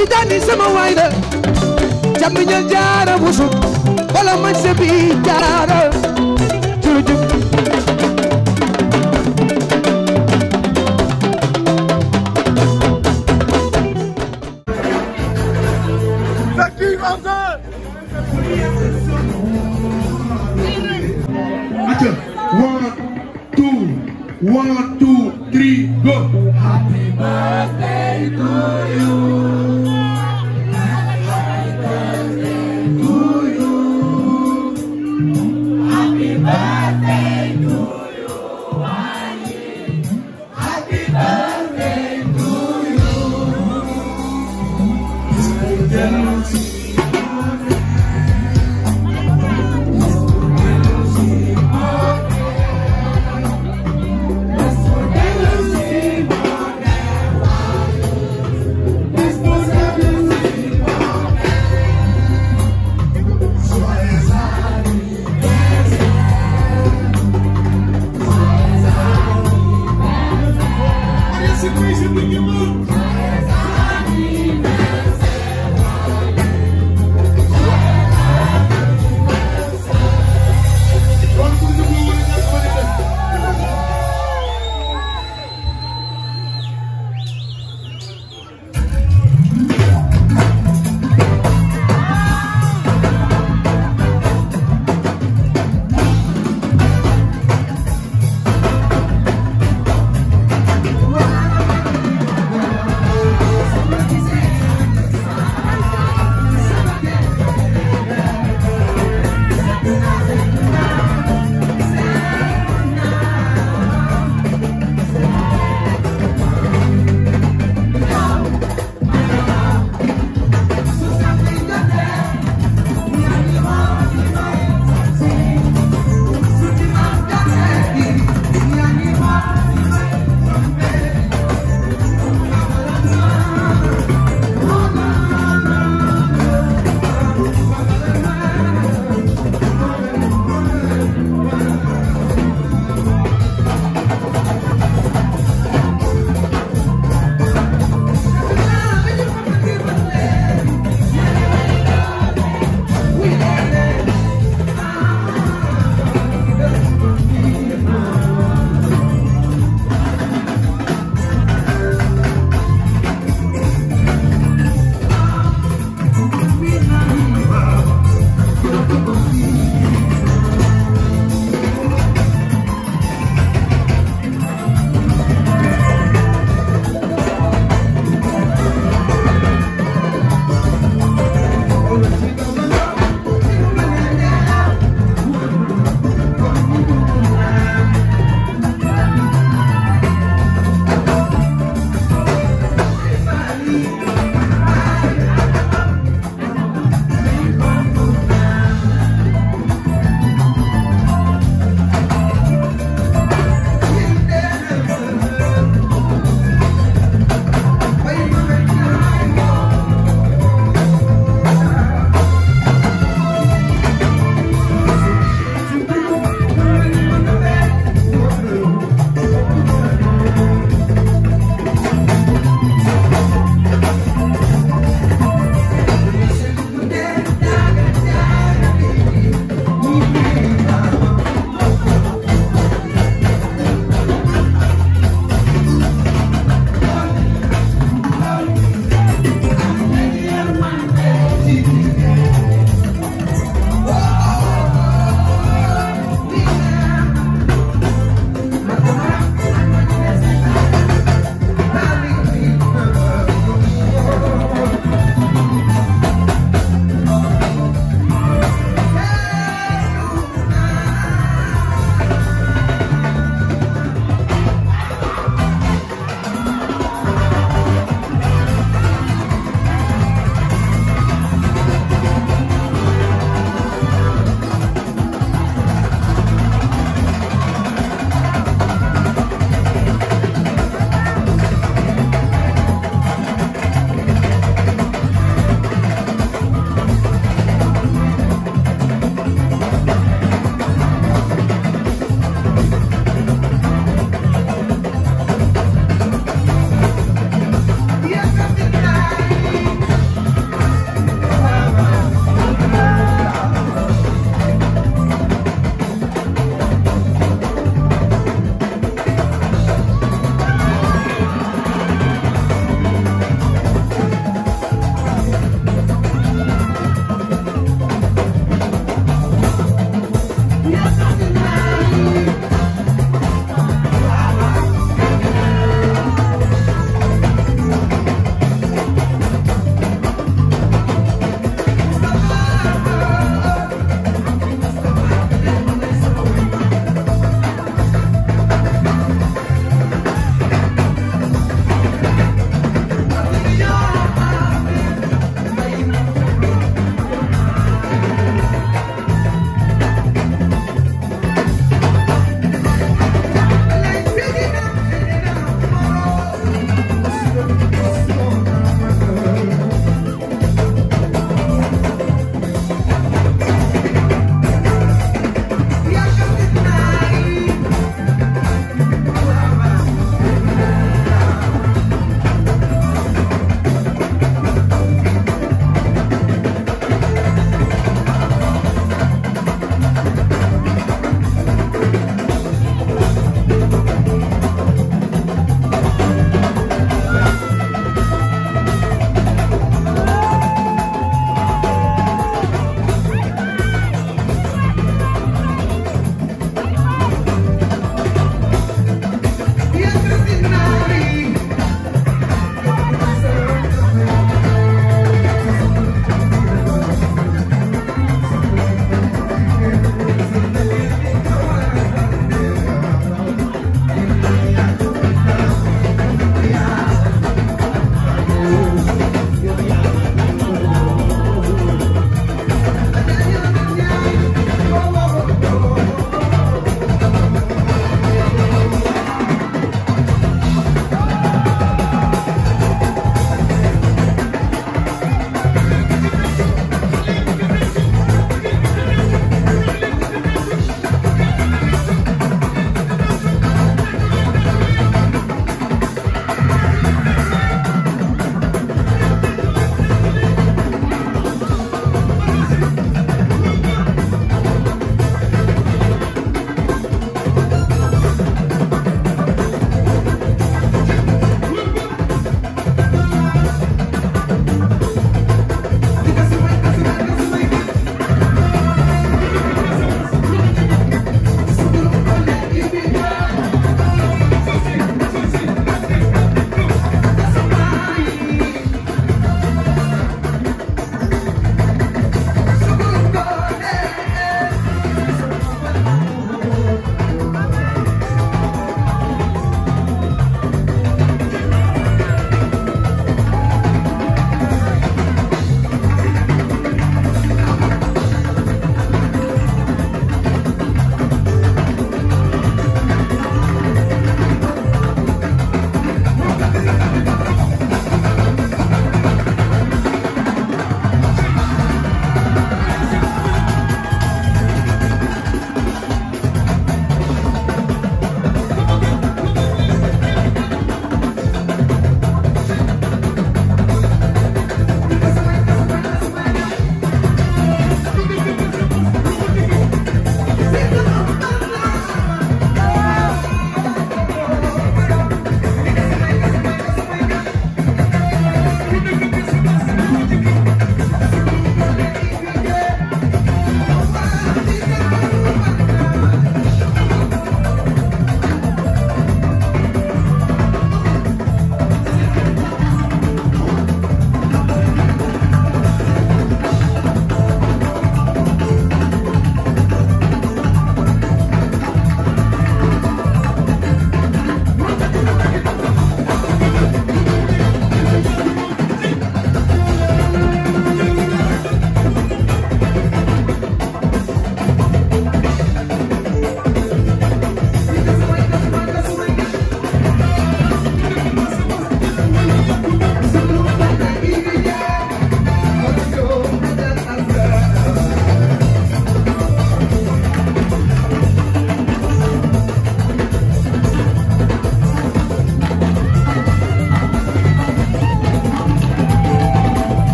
tijaani sama waay la jamiñal jaara busu wala man sebi jaara jurujub One, two, three, go! Happy birthday to you!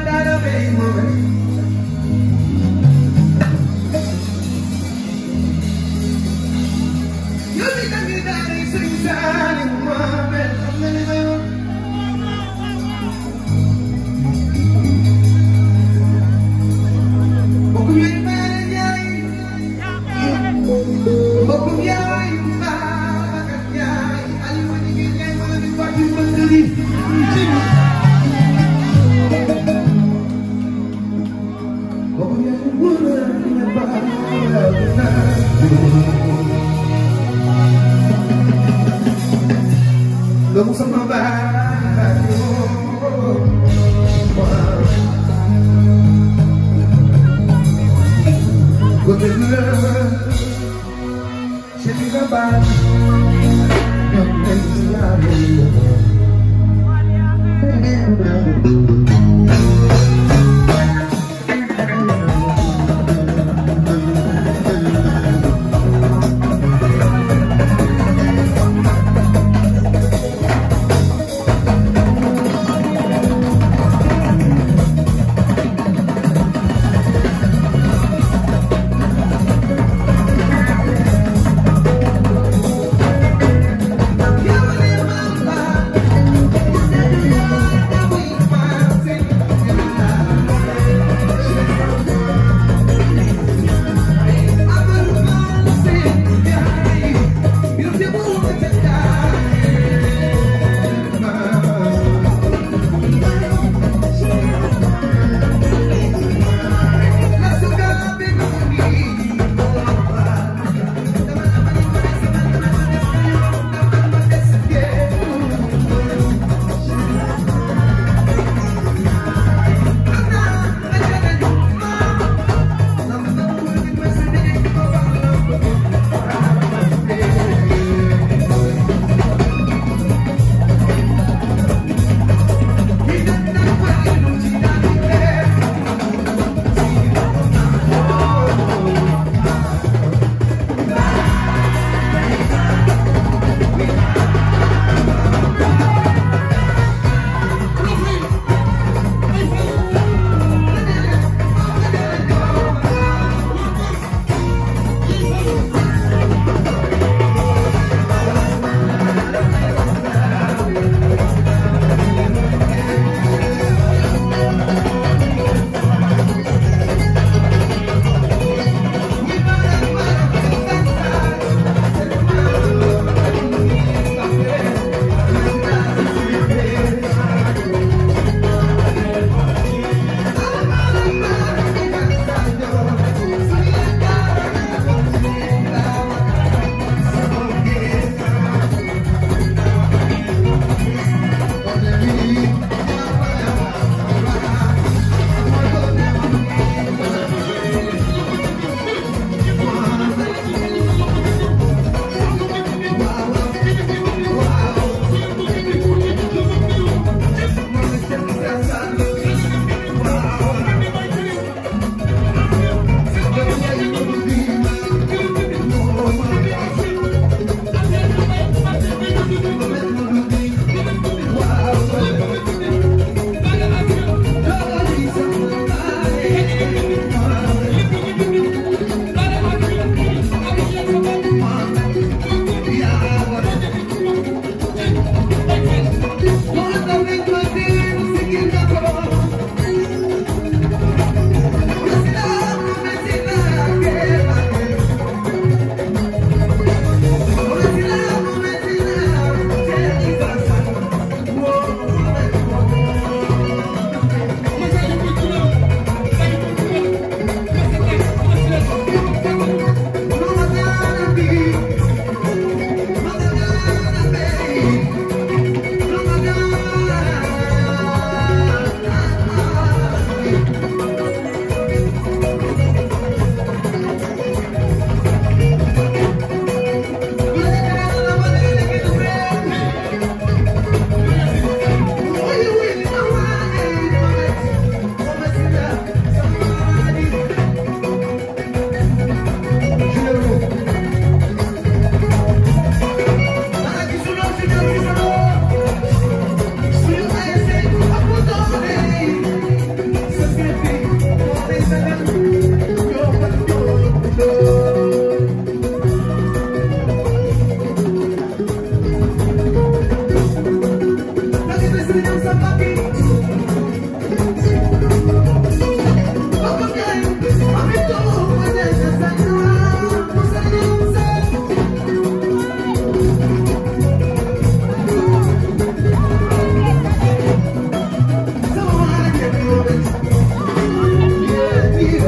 mandado me morir.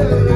Thank you.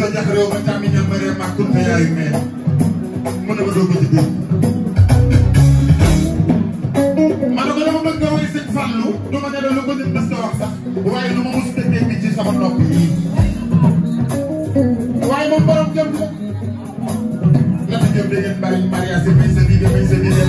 Moussa Diakharé ba càmmiñam ba ree mag kunta yaayu meen mën na ma doo ko ci biir ma ne ko dama bëgg nga woy sëñ Fallou du ma ne lu ko nit mës wax sax waaye lu ma mos tëggee bi ci sama nopp yi waaye moom borom jëm la lan jëm da ngeen bàyyi mariage may sa diine may sa diine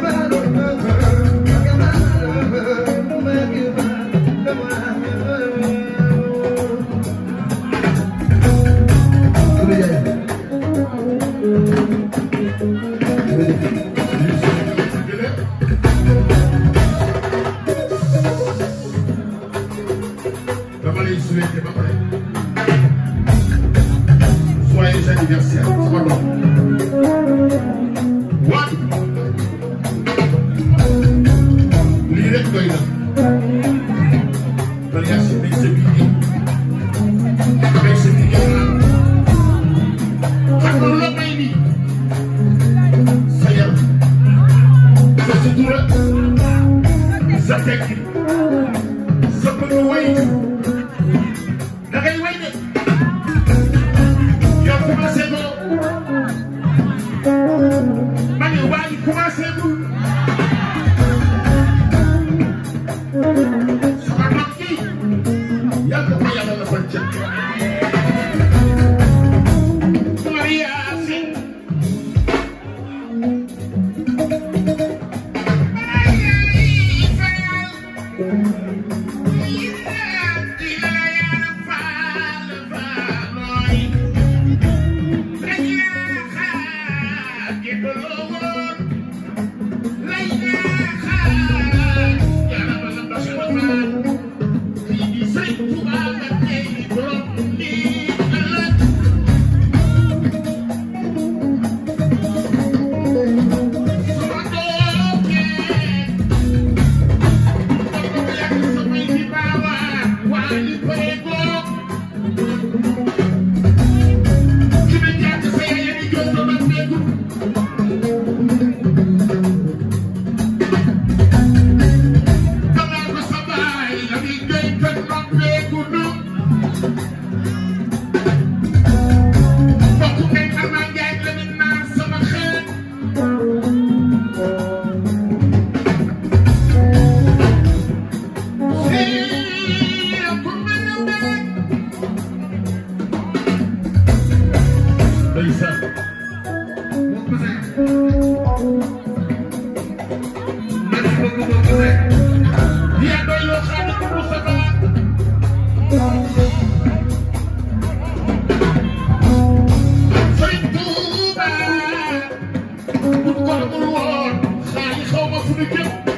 llevar suñu jëm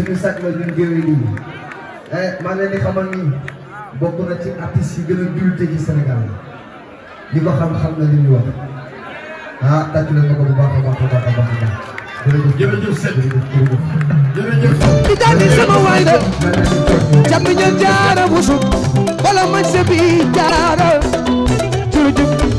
suñu sàcc la ñun géwél yi eh maa ngi leen di xamal ni bokk na ci artistes yi gën a jullite ci Sénégal ñi ko xam xam na li ñuy wax ah tàcc nañ ko bu baax a baax a baax a baax a baax. jërëjëf Seck jërëjëf Seck. di daal sama waay la. jàmm ña jaara busub. wala man sa bi jaara. jërëjëf.